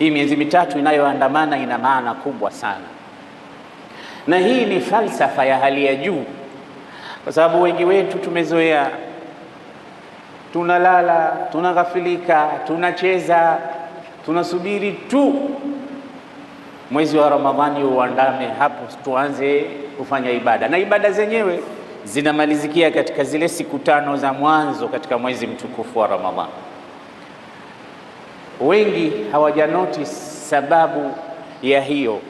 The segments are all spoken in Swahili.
Hii miezi mitatu inayoandamana ina maana kubwa sana, na hii ni falsafa ya hali ya juu, kwa sababu wengi wetu tumezoea, tunalala, tunaghafilika, tunacheza, tunasubiri tu mwezi wa Ramadhani uandame, hapo tuanze kufanya ibada, na ibada zenyewe zinamalizikia katika zile siku tano za mwanzo katika mwezi mtukufu wa Ramadhani wengi hawajanoti sababu ya hiyo.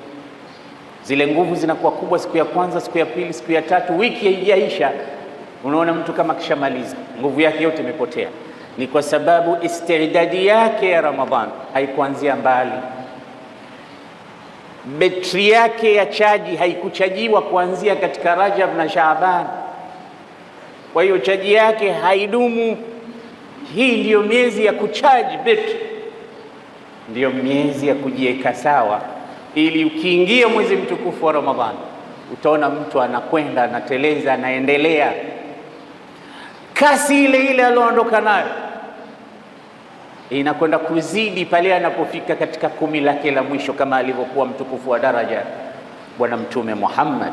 Zile nguvu zinakuwa kubwa siku ya kwanza, siku ya pili, siku ya tatu, wiki haijaisha, unaona mtu kama akishamaliza nguvu yake yote imepotea. Ni kwa sababu istidadi yake ya Ramadhan haikuanzia mbali, betri yake ya chaji haikuchajiwa kuanzia katika Rajab na Shaaban, kwa hiyo chaji yake haidumu. Hii ndiyo miezi ya kuchaji betri ndiyo miezi ya kujiweka sawa, ili ukiingia mwezi mtukufu wa Ramadhani utaona mtu anakwenda anateleza, anaendelea kasi ile ile alioondoka nayo inakwenda kuzidi pale anapofika katika kumi lake la mwisho, kama alivyokuwa mtukufu wa daraja Bwana Mtume Muhammad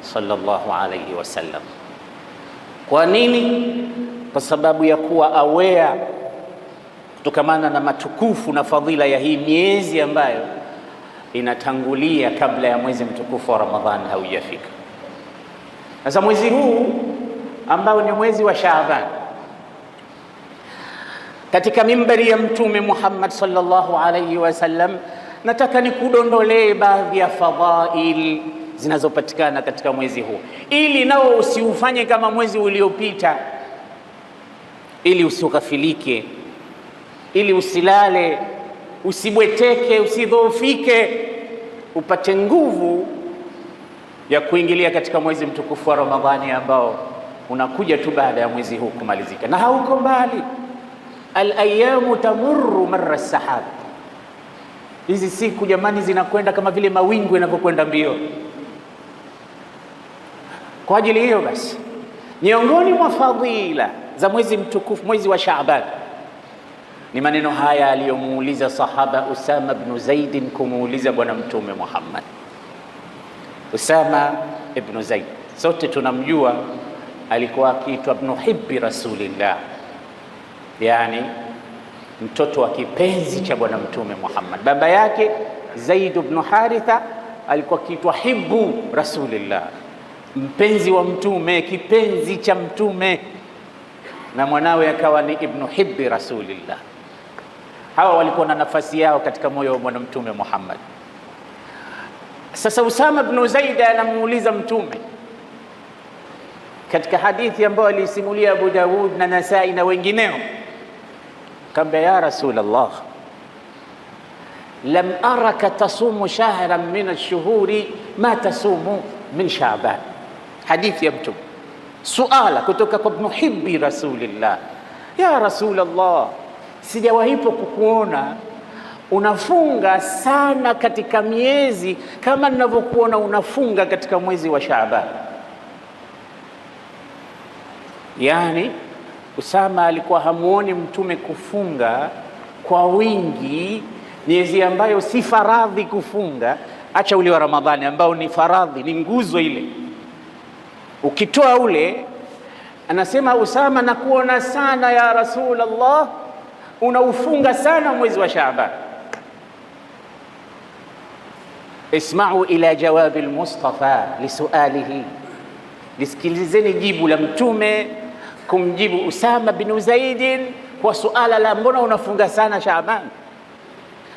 sallallahu alaihi wasallam. Kwa nini? Kwa sababu ya kuwa aware kutokamana na matukufu na fadhila ya hii miezi ambayo inatangulia kabla ya mwezi mtukufu wa Ramadhani haujafika. Sasa mwezi huu ambao ni mwezi wa Shaaban, katika mimbari ya Mtume Muhammad sallallahu alaihi wasallam, nataka nikudondolee baadhi ya fadhail zinazopatikana katika mwezi huu, ili nao usiufanye kama mwezi uliopita, ili usighafilike ili usilale, usibweteke, usidhoofike, upate nguvu ya kuingilia katika mwezi mtukufu wa Ramadhani ambao unakuja tu baada ya mwezi huu kumalizika, na hauko mbali. Alayamu tamurru marra sahab, hizi siku jamani, zinakwenda kama vile mawingu yanavyokwenda mbio. Kwa ajili hiyo basi, miongoni mwa fadhila za mwezi mtukufu, mwezi wa Shaaban ni maneno haya aliyomuuliza sahaba Usama bnu Zaidin kumuuliza Bwana Mtume Muhammad. Usama ibnu Zaid sote tunamjua alikuwa akiitwa bnu hibbi rasulillah, yani mtoto wa kipenzi cha Bwana Mtume Muhammad. Baba yake Zaid bnu Haritha alikuwa akiitwa hibbu rasulillah, mpenzi wa Mtume, kipenzi cha Mtume, na mwanawe akawa ni ibnu hibbi rasulillah hawa walikuwa na nafasi yao katika moyo wa bwana Mtume Muhammad. Sasa Usama bnu zaida anamuuliza Mtume katika hadithi ambayo alisimulia Abu Dawud na Nasai na wengineo, kaambia ya Rasulullah, lam araka tasumu shahran min alshuhuri ma tasumu min Shaaban. Hadithi ya Mtume, suala kutoka kwa Muhibbi Rasulillah, ya Rasulullah sijawahipo kukuona unafunga sana katika miezi kama ninavyokuona unafunga katika mwezi wa Shaaban. Yaani Usama alikuwa hamuoni mtume kufunga kwa wingi miezi ambayo si faradhi kufunga, acha ule wa Ramadhani ambao ni faradhi, ni nguzo ile. Ukitoa ule, anasema Usama, nakuona sana ya Rasulullah unaufunga sana mwezi wa Shaaban. Ismau ila jawabi lmustafa lisualihi, lisikilizeni jibu la Mtume kumjibu Usama bin Zaidin kwa suala la mbona unafunga sana Shaaban.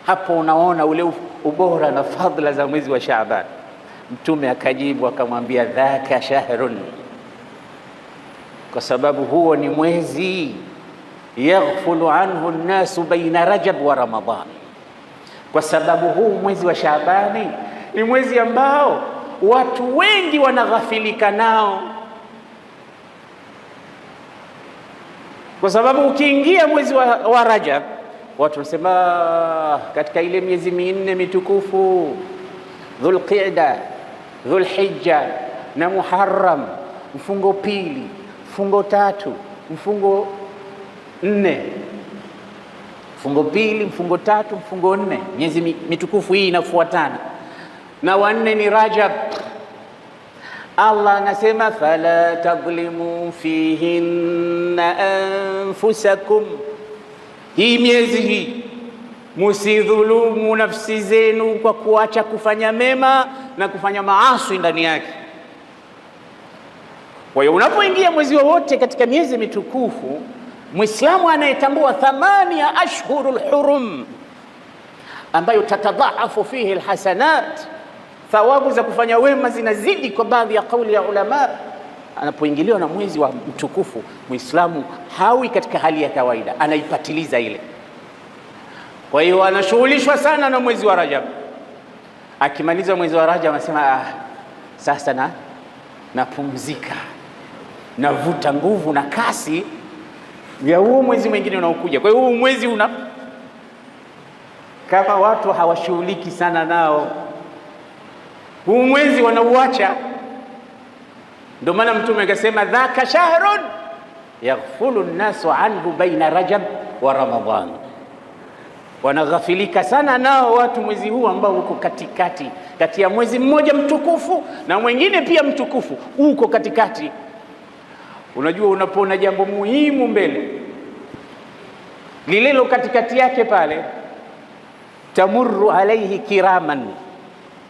Hapo unaona ule ubora na fadhila za mwezi wa Shaaban. Mtume akajibu akamwambia, dhaka shahrun, kwa sababu huo ni mwezi yaghfulu anhu nnasu baina rajab wa ramadhan, kwa sababu huu mwezi wa Shaabani ni mwezi ambao watu wengi wanaghafilika nao, kwa sababu ukiingia mwezi wa, wa Rajab watu wanasema ah, katika ile miezi minne mitukufu Dhulqida, Dhulhijja na Muharram, mfungo pili, mfungo tatu, mfungo nne mfungo pili mfungo tatu mfungo nne, miezi mitukufu hii inafuatana na wanne ni Rajab. Allah anasema fala tadhlimu fihinna anfusakum, hii miezi hii musidhulumu nafsi zenu kwa kuacha kufanya mema na kufanya maasi ndani yake. Kwa hiyo unapoingia mwezi wowote katika miezi mitukufu Mwislamu anayetambua thamani ya ashhurul hurum ambayo tatadhaafu fihi lhasanat thawabu za kufanya wema zinazidi kwa baadhi ya kauli ya ulama. Anapoingiliwa na mwezi wa mtukufu, mwislamu hawi katika hali ya kawaida, anaipatiliza ile. Kwa hiyo anashughulishwa sana na mwezi wa Rajab. Akimaliza mwezi wa Rajab anasema ah, sasa na napumzika, navuta nguvu na kasi ya huu mwezi mwingine unaokuja. Kwa hiyo huu mwezi una kama watu hawashughuliki sana nao, huu mwezi wanauacha. Ndio maana Mtume akasema dhaka shahrun yaghfulu nnasu anhu baina Rajab wa Ramadhan, wanaghafilika sana nao watu mwezi huu ambao uko katikati kati ya mwezi mmoja mtukufu na mwingine pia mtukufu, uko katikati. Unajua, unapoona jambo muhimu mbele lililo katikati yake pale, tamuru alaihi kiraman,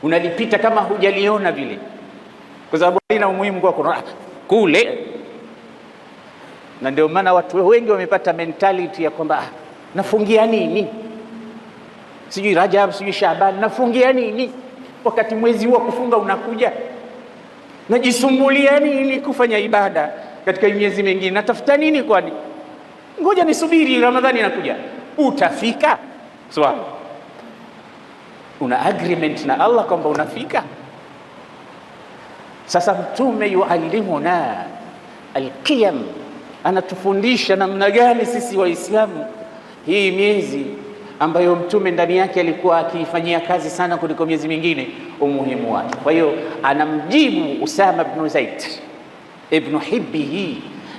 unalipita kama hujaliona vile, kwa sababu haina umuhimu kwako kule. Na ndio maana watu wengi wamepata mentality ya kwamba ah, nafungia nini, sijui Rajab, sijui Shaaban, nafungia nini wakati mwezi huu wa kufunga unakuja, najisumbulia nini kufanya ibada katika miezi mingine, natafuta nini? Kwani ngoja nisubiri Ramadhani inakuja, utafika. Swali, una agreement na Allah kwamba unafika. Sasa Mtume yualimuna alqiyam, anatufundisha namna gani sisi Waislamu hii miezi ambayo Mtume ndani yake alikuwa akiifanyia kazi sana kuliko miezi mingine, umuhimu wake. Kwa hiyo anamjibu Usama bin Zaid Ibnu Hibbihi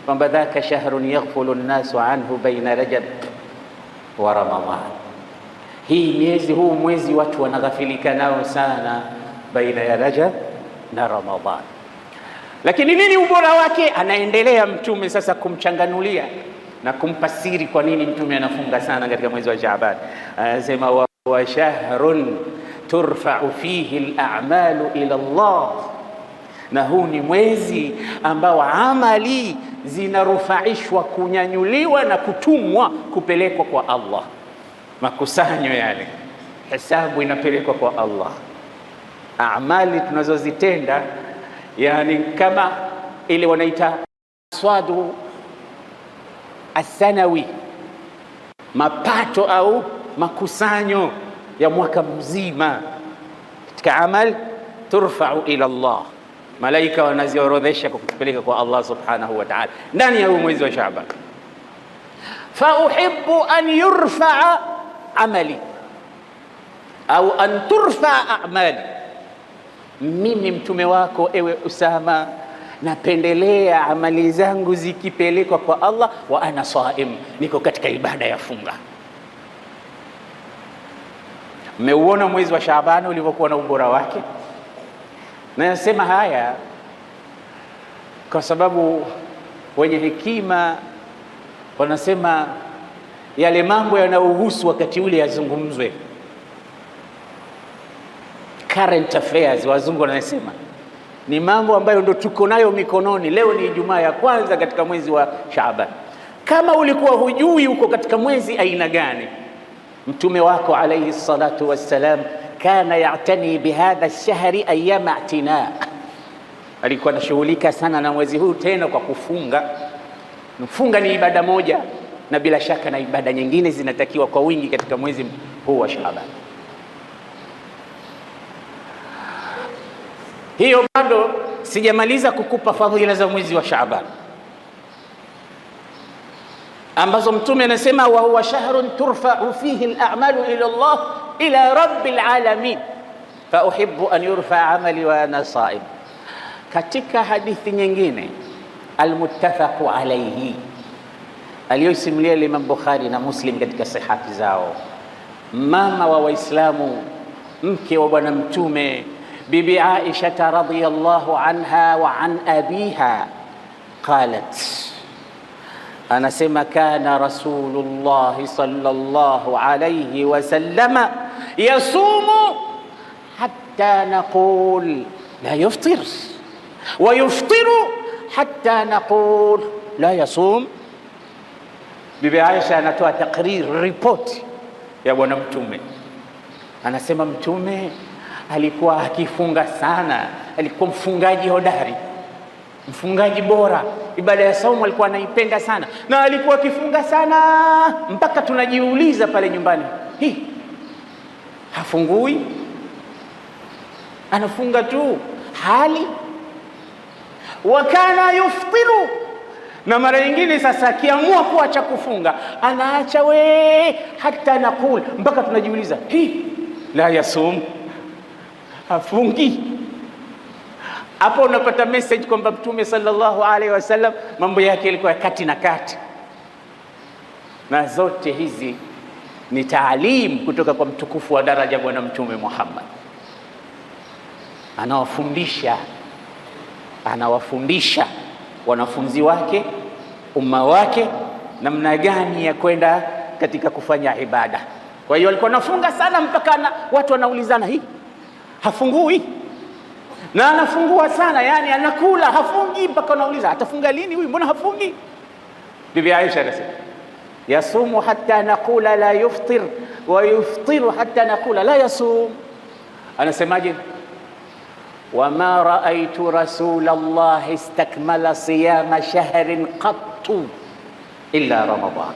kwamba dhaka shahrun yaghfulu nnasu anhu baina Rajab wa Ramadhan, hii miezi, huu mwezi watu wanaghafilika nao sana baina ya Rajab na Ramadhan. Lakini nini ubora wake? Anaendelea Mtume sasa kumchanganulia na kumpa siri, kwa nini Mtume anafunga sana katika mwezi wa Shaaban. Anasema wa shahrun turfau fihi al-a'malu ila Allah na huu ni mwezi ambao amali zinarufaishwa kunyanyuliwa na kutumwa kupelekwa kwa Allah, makusanyo yale, hesabu inapelekwa kwa Allah. Amali tunazozitenda yani kama ile wanaita swadu asanawi, mapato au makusanyo ya mwaka mzima katika amali turfau ila Allah malaika wanaziorodhesha kwa kutupeleka kwa Allah subhanahu wa ta'ala ndani ya huu mwezi wa Shaaban. fa uhibbu an yurfaa amali au an turfaa amali, mimi mtume wako ewe Usama napendelea amali zangu zikipelekwa kwa Allah, wa ana saim, niko katika ibada ya funga. Mmeuona mwezi wa Shaaban ulivyokuwa na ubora wake. Na nasema haya kwa sababu wenye hekima wanasema yale mambo yanayohusu wakati ule yazungumzwe, current affairs wazungu wanasema ni mambo ambayo ndo tuko nayo mikononi. Leo ni Ijumaa ya kwanza katika mwezi wa Shaaban. Kama ulikuwa hujui uko katika mwezi aina gani, mtume wako alaihi salatu wassalam kana yatani bihadha lshahri ayama اعتناء alikuwa anashughulika sana na mwezi huu, tena kwa kufunga. Mfunga ni ibada moja, na bila shaka na ibada nyingine zinatakiwa kwa wingi katika mwezi huu wa Shaaban. Hiyo bado sijamaliza kukupa fadhila za mwezi wa Shaaban ambazo Mtume anasema wa huwa shahrun turfau fihi al-a'malu ila Allah إلى رب العالمين فأحب أن يرفع عملي وأنا صائم katika hadithi nyingine almuttafaqu alaihi aliyosimulia Imam Bukhari na Muslim katika sihati zao, mama wa Waislamu, mke wa Bwana Mtume, Bibi Aisha radhiyallahu anha wa an abiha qalat, anasema kana Rasulullahi sallallahu alayhi wasallama yasumu hatta naqul la yuftir wa yuftiru hatta naqul la yasum. Bibi Aisha anatoa takrir ripoti ya bwana Mtume, anasema Mtume alikuwa akifunga sana, alikuwa mfungaji hodari, mfungaji bora. Ibada ya saumu alikuwa anaipenda sana, na alikuwa akifunga sana mpaka tunajiuliza pale nyumbani hii hafungui, anafunga tu hali. Wakana yuftiru, na mara nyingine sasa akiamua kuacha kufunga anaacha we, hata nakul, mpaka tunajiuliza hi la yasum, hafungi. Hapo unapata message kwamba Mtume sallallahu alaihi wasallam mambo yake yalikuwa ya kati na kati, na zote hizi ni taalimu kutoka kwa mtukufu wa daraja Bwana Mtume Muhammad, anawafundisha anawafundisha wanafunzi wake umma wake namna gani ya kwenda katika kufanya ibada. Kwa hiyo alikuwa anafunga sana mpaka na, watu wanaulizana hii hafungui na anafungua sana, yani anakula hafungi mpaka wanauliza atafunga lini huyu, mbona hafungi? Bibi Aisha anasema yasumu hatta naqula la yuftir wa yuftiru hatta naqula la yasum. Anasemaje? wama raaitu rasulallahi istakmala siyama shahrin qattu illa Ramadan.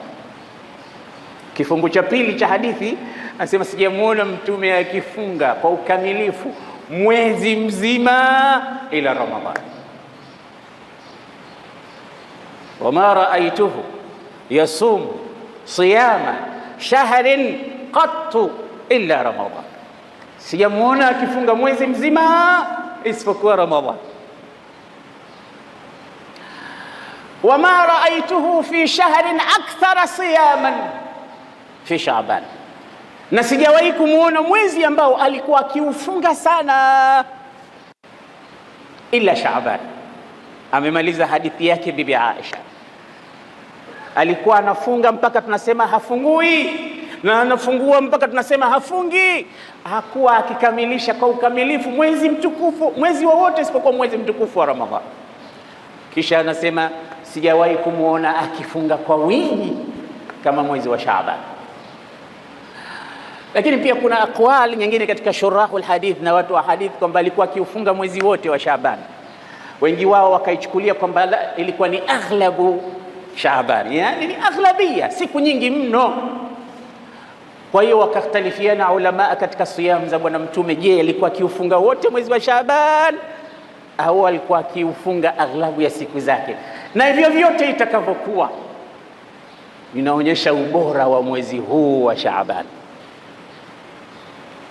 Kifungu cha pili cha hadithi anasema sijamuona mtume akifunga kwa ukamilifu mwezi mzima ila Ramadan, wama raaituhu يصوم صيام شهر قط إلا رمضان سيامونا كيفون مويزم زما اسفكوا رمضان وما رأيته في شهر أكثر صياما في شعبان نسجاويكم هنا مويزي أمباو ألقوا كيفون سانا إلا شعبان أمي ماليزا حديثي ببي عائشة alikuwa anafunga mpaka tunasema hafungui na anafungua mpaka tunasema hafungi. Hakuwa akikamilisha kwa ukamilifu mwezi mtukufu, mwezi wowote isipokuwa mwezi mtukufu wa Ramadhani. Kisha anasema sijawahi kumwona akifunga kwa wingi kama mwezi wa Shaaban. Lakini pia kuna aqwali nyingine katika shurahul hadith na watu wa hadith kwamba alikuwa akiufunga mwezi wote wa Shaaban. Wengi wao wakaichukulia kwamba ilikuwa ni aghlabu Shaaban, yani ni aghlabia, siku nyingi mno. Kwa hiyo wakakhtalifiana ulamaa katika siyamu za Bwana Mtume. Je, alikuwa akiufunga wote mwezi wa Shaaban au alikuwa akiufunga aghlabu ya siku zake? Na hivyo vyote itakavyokuwa inaonyesha ubora wa mwezi huu wa Shaaban.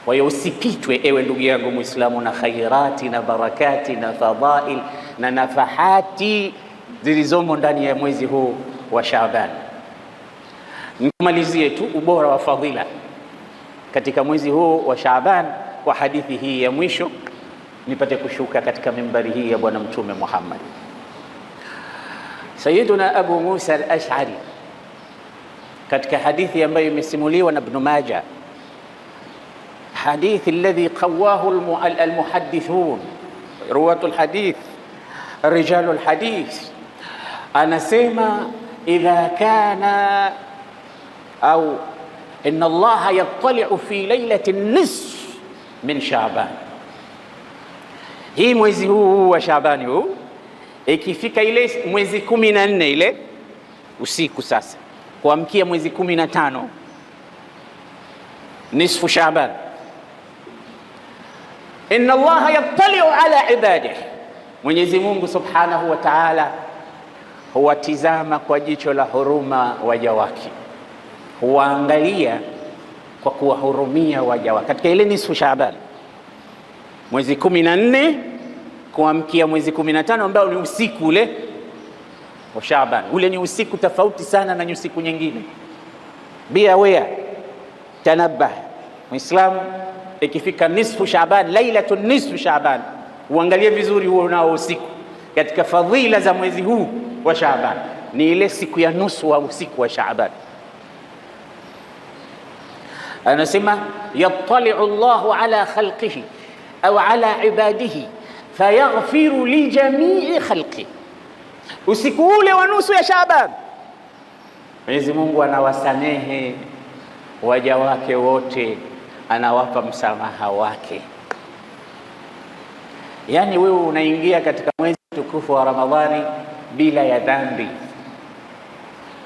Kwa hiyo usipitwe, ewe ndugu yangu Muislamu, na khairati na barakati na fadhail na nafahati zilizomo ndani ya mwezi huu wa Shaaban. Nikumalizie tu ubora wa fadhila katika mwezi huu wa Shaaban kwa hadithi hii ya mwisho, nipate kushuka katika mimbari hii ya Bwana Mtume Muhammad. Sayyiduna Abu Musa al-Ash'ari katika hadithi ambayo imesimuliwa na Ibn Majah, hadithi alladhi qawahu al-muhaddithun ruwatu al-hadith rijalu al anasema idha kana au inna Allaha yattali'u fi lailati nisf min Shaaban, hii mwezi huu wa Shaabani huu ikifika ile mwezi kumi na nne ile usiku sasa kuamkia mwezi kumi na tano nisfu Shaaban, inna Allaha yattali'u ala ibadihi, Mwenyezi Mungu subhanahu wa ta'ala huwatizama kwa jicho la huruma waja wake, huwaangalia kwa kuwahurumia waja wake. Katika ile nisfu Shaaban, mwezi kumi na nne kuamkia mwezi kumi na tano ambao ni usiku ule wa Shaaban, ule ni usiku tofauti sana na usiku nyingine. Be aware, tanabah Muislam, ikifika nisfu Shaaban, lailatu nisfu Shaaban, uangalie vizuri huo unao usiku katika fadhila za mwezi huu wa Shaaban, ni ile siku ya nusu wa usiku wa Shaaban. Anasema yattali'u Allahu ala khalqihi au ala ibadihi fayaghfiru li jami'i khalqi. Usiku ule wa nusu ya Shaaban, Mwenyezi Mungu anawasamehe waja wake wote, anawapa msamaha wake. Yaani wewe unaingia katika mwezi mtukufu wa Ramadhani bila ya dhambi.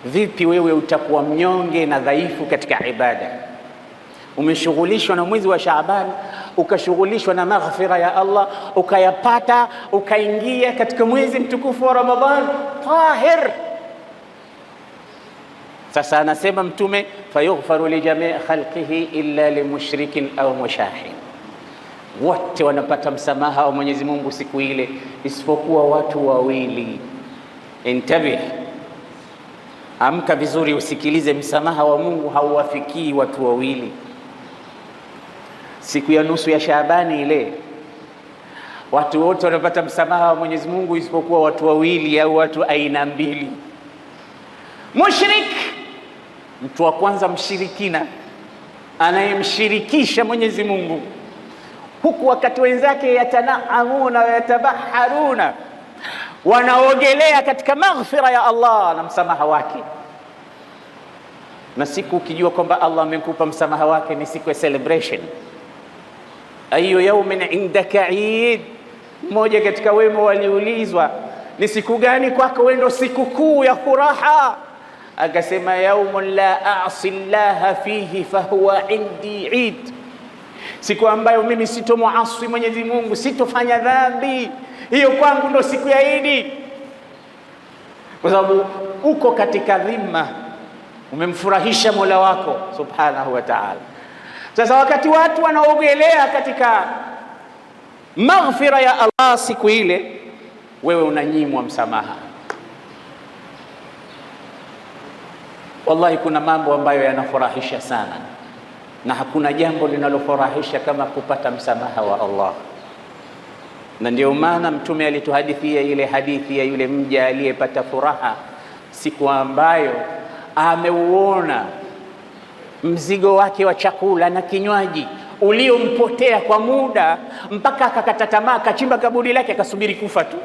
Vipi wewe utakuwa mnyonge na dhaifu katika ibada? Umeshughulishwa na mwezi wa Shaaban, ukashughulishwa na maghfira ya Allah, ukayapata, ukaingia katika mwezi mtukufu wa Ramadhan tahir. Sasa anasema Mtume, fayughfaru lijamii khalqihi illa limushrikin au mushahin, wote wanapata msamaha wa Mwenyezi Mungu siku ile isipokuwa watu wawili intabih, amka vizuri, usikilize. Msamaha wa Mungu hauwafikii watu wawili. Siku ya nusu ya Shaabani ile watu wote wanapata msamaha wa Mwenyezi Mungu isipokuwa watu wawili au watu aina mbili. Mushrik, mtu wa kwanza mshirikina, anayemshirikisha Mwenyezi Mungu, huku wakati wenzake yatanaamuna na yatabaharuna wanaogelea katika maghfira ya Allah na msamaha wake. Na siku ukijua kwamba Allah amekupa msamaha wake ni siku ya celebration. Ayu yaumin indaka id mmoja katika wema waliulizwa ni siku gani kwako wewe ndo siku kuu ya furaha? Akasema yaumun la asi llaha fihi fahuwa indi eid siku ambayo mimi sitomwaswi Mwenyezi Mungu, sitofanya dhambi. Hiyo kwangu ndo siku ya Idi, kwa sababu uko katika dhima, umemfurahisha Mola wako subhanahu wa taala. Sasa wakati watu wanaogelea katika maghfira ya Allah siku ile, wewe unanyimwa msamaha. Wallahi, kuna mambo ambayo yanafurahisha sana na hakuna jambo linalofurahisha kama kupata msamaha wa Allah. Na ndio maana Mtume alituhadithia ile hadithi ya yule mja aliyepata furaha siku ambayo ameuona mzigo wake wa chakula na kinywaji uliompotea kwa muda mpaka akakata tamaa, akachimba kaburi lake akasubiri kufa tu.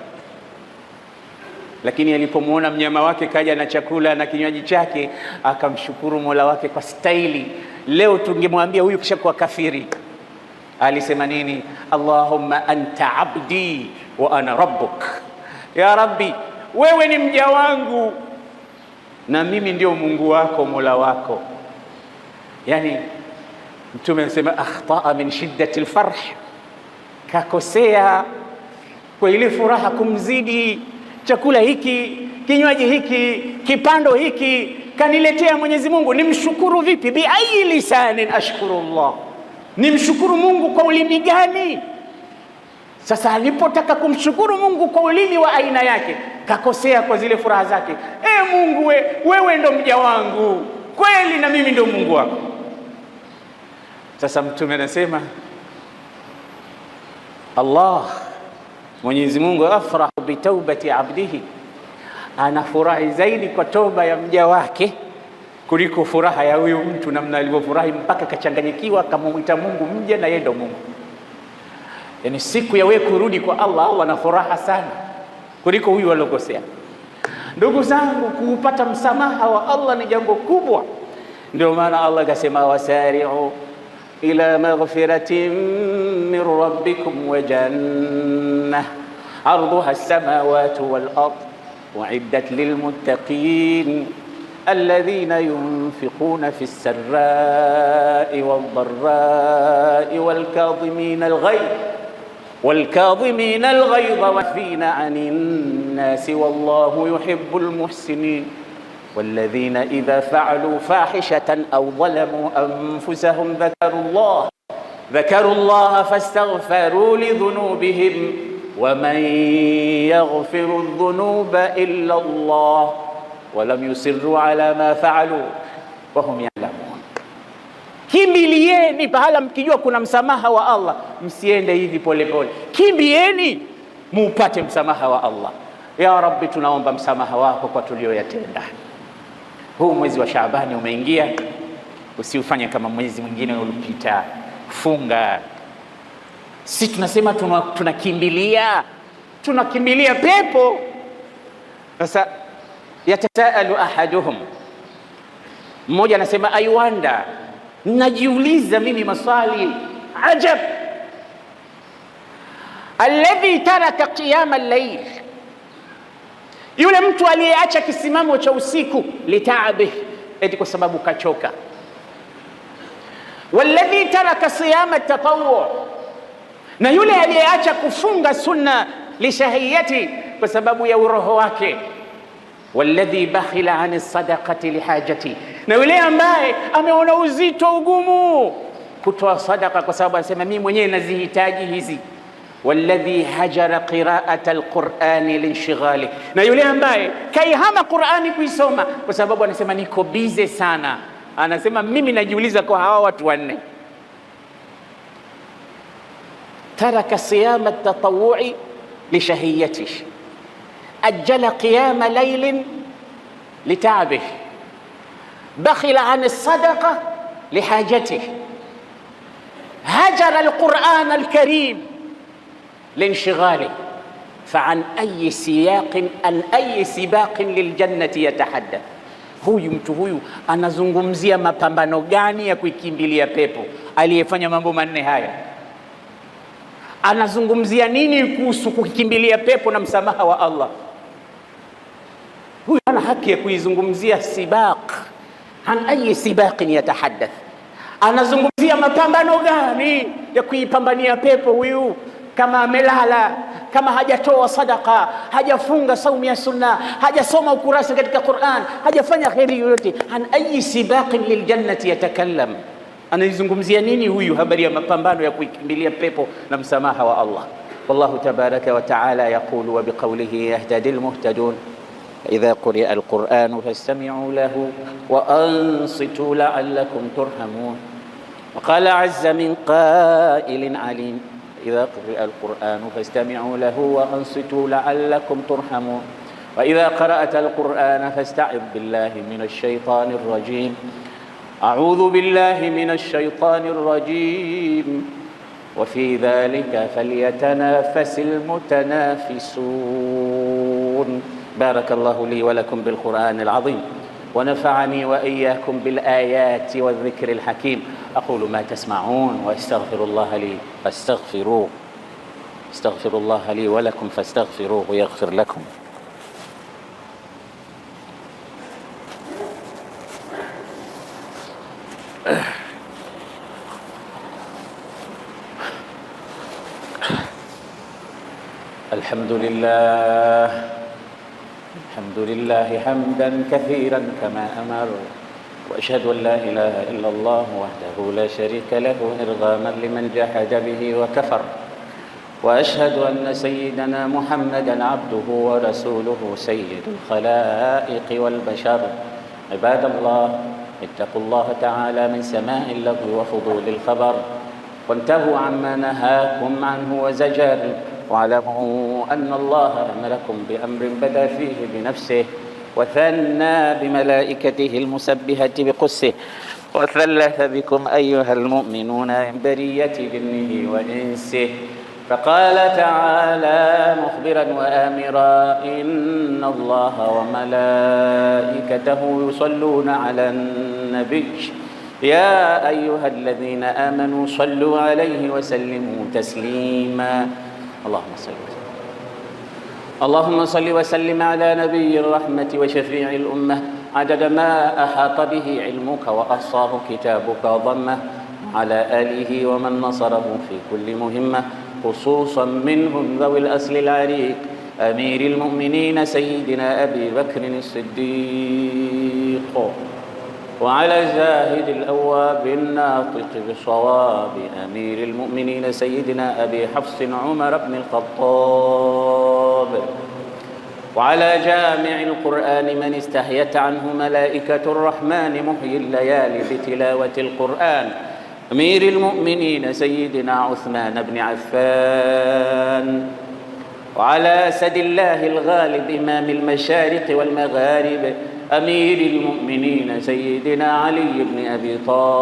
Lakini alipomwona mnyama wake kaja na chakula na kinywaji chake, akamshukuru Mola wake kwa staili Leo tungemwambia huyu kisha kuwa kafiri. Alisema nini? Allahumma anta abdi wa ana rabbuk, ya Rabbi, wewe ni mja wangu na mimi ndio Mungu wako, mola wako. Yani Mtume anasema akhtaa min shiddati lfarh, kakosea kwa ile furaha kumzidi, chakula hiki, kinywaji hiki, kipando hiki kaniletea Mwenyezi Mungu, nimshukuru vipi? Bi ayi lisanin ashkuru Allah, nimshukuru Mungu kwa ulimi gani? Sasa alipotaka kumshukuru Mungu kwa ulimi wa aina yake, kakosea kwa zile furaha zake. E Mungu we, wewe ndo mja wangu kweli, na mimi ndo Mungu wako. Sasa Mtume anasema Allah, Mwenyezi Mungu afrahu bitaubati abdihi anafurahi zaidi kwa toba ya mja wake kuliko furaha ya huyu mtu, namna alivyofurahi mpaka akachanganyikiwa, akamwita Mungu mja na yeye ndo Mungu. Yaani siku ya wewe kurudi kwa Allah, Allah ana furaha sana kuliko huyu alokosea. Ndugu zangu, kuupata msamaha wa Allah ni jambo kubwa. Ndio maana Allah akasema, wasari'u ila maghfiratin min rabbikum wa janna ardhuha as-samawati wal ardh وعدت للمتقين الذين ينفقون في السراء والضراء والكاظمين الغيظ والكاظمين الغيظ وفينا عن الناس والله يحب المحسنين والذين إذا فعلوا فاحشة أو ظلموا أنفسهم ذكروا الله ذكروا الله فاستغفروا لذنوبهم waman yaghfiru dhunuba illa Allah walam yusirru ala ma faalu wahum yalamun. Kimbilieni pahala mkijua kuna msamaha wa Allah, msiende hivi polepole, kimbieni muupate msamaha wa Allah. Ya Rabbi, tunaomba msamaha wako kwa tulioyatenda. Huu mwezi wa Shaabani umeingia, usiufanye kama mwezi mwingine ulipita. Funga Si tunasema tunakimbilia, tunakimbilia pepo. Sasa yatasaalu ahaduhum, mmoja anasema aiwanda najiuliza mimi maswali ajab, alladhi taraka qiyama llail yule mtu aliyeacha kisimamo cha usiku, litaabih, eti kwa sababu kachoka, walladhi taraka siyama tatawwu na yule aliyeacha kufunga sunna lishahiyati, kwa sababu ya uroho wake, walladhi bakhila an sadaqati lihajati, na yule ambaye ameona uzito ugumu kutoa sadaka kwa sababu anasema mimi mwenyewe nazihitaji hizi walladhi hajara qiraata alqurani linshighali, na yule ambaye kaihama Qurani kuisoma kwa sababu anasema niko bize sana, anasema mimi najiuliza kwa hawa watu wanne ترك صيام التطوع لشهيته أجل قيام ليل لتعبه بخل عن الصدقة لحاجته هجر القرآن الكريم لانشغاله فعن أي سياق عن أي سباق للجنة يتحدث huyu mtu huyu anazungumzia mapambano gani ya kuikimbilia pepo aliyefanya mambo manne haya anazungumzia nini kuhusu kukimbilia pepo na msamaha wa Allah? Huyu ana haki ya kuizungumzia sibaq. An ayi sibaqin yatahaddath? Anazungumzia mapambano gani ya kuipambania pepo huyu? Kama amelala, kama hajatoa sadaka, hajafunga saumu ya sunna, hajasoma ukurasa katika Qur'an, hajafanya kheri yoyote. An ayi sibaqin liljannati yatakallam anaizungumzia nini huyu habari ya mapambano ya kuikimbilia pepo na msamaha wa Allah? Wallahu tabaraka wa taala yaqulu wa biqawlihi yahtadi lmuhtadun idha quria alquranu fastamiu lahu wa ansitu laalakum turhamun وقال عز من قائل عليم إذا قرئ القرآن فاستمعوا له وأنصتوا لعلكم ترحمون وإذا قرأت القرآن فاستعذ بالله من الشيطان الرجيم أعوذ بالله من الشيطان الرجيم وفي ذلك فليتنافس المتنافسون بارك الله لي ولكم بالقرآن العظيم ونفعني وإياكم بالآيات والذكر الحكيم أقول ما تسمعون وأستغفر الله لي فاستغفروه استغفر الله لي ولكم فاستغفروه يغفر لكم الحمد لله الحمد لله حمدا كثيرا كما أمر وأشهد أن لا إله إلا الله وحده لا شريك له إرغاما لمن جحد به وكفر وأشهد أن سيدنا محمدا عبده ورسوله سيد الخلائق والبشر عباد الله اتقوا الله تعالى من سماء اللغو وفضول الخبر وانتهوا عما نهاكم عنه وزجر واعلموا أن الله أمركم بأمر بدأ فيه بنفسه وثنى بملائكته المسبهة بقسه وثلث بكم أيها المؤمنون من برية جنه وإنسه فقال تعالى مخبرا وآمرا إن الله وملائكته يصلون على النبي يا أيها الذين آمنوا صلوا عليه وسلموا تسليماً اللهم صل وسلم اللهم صل وسلم على نبي الرحمة وشفيع الأمة عدد ما أحاط به علمك وأحصاه كتابك وضمه على آله ومن نصره في كل مهمة خصوصا منهم ذوي الأصل العريق أمير المؤمنين سيدنا أبي بكر الصديق وعلى الزاهد الأواب الناطق بصواب أمير المؤمنين سيدنا أبي حفص عمر بن الخطاب وعلى جامع القرآن من استحيت عنه ملائكة الرحمن محيي الليالي بتلاوة القرآن أمير المؤمنين سيدنا عثمان بن عفان وعلى أسد الله الغالب إمام المشارق والمغارب أمير المؤمنين سيدنا علي بن أبي طالب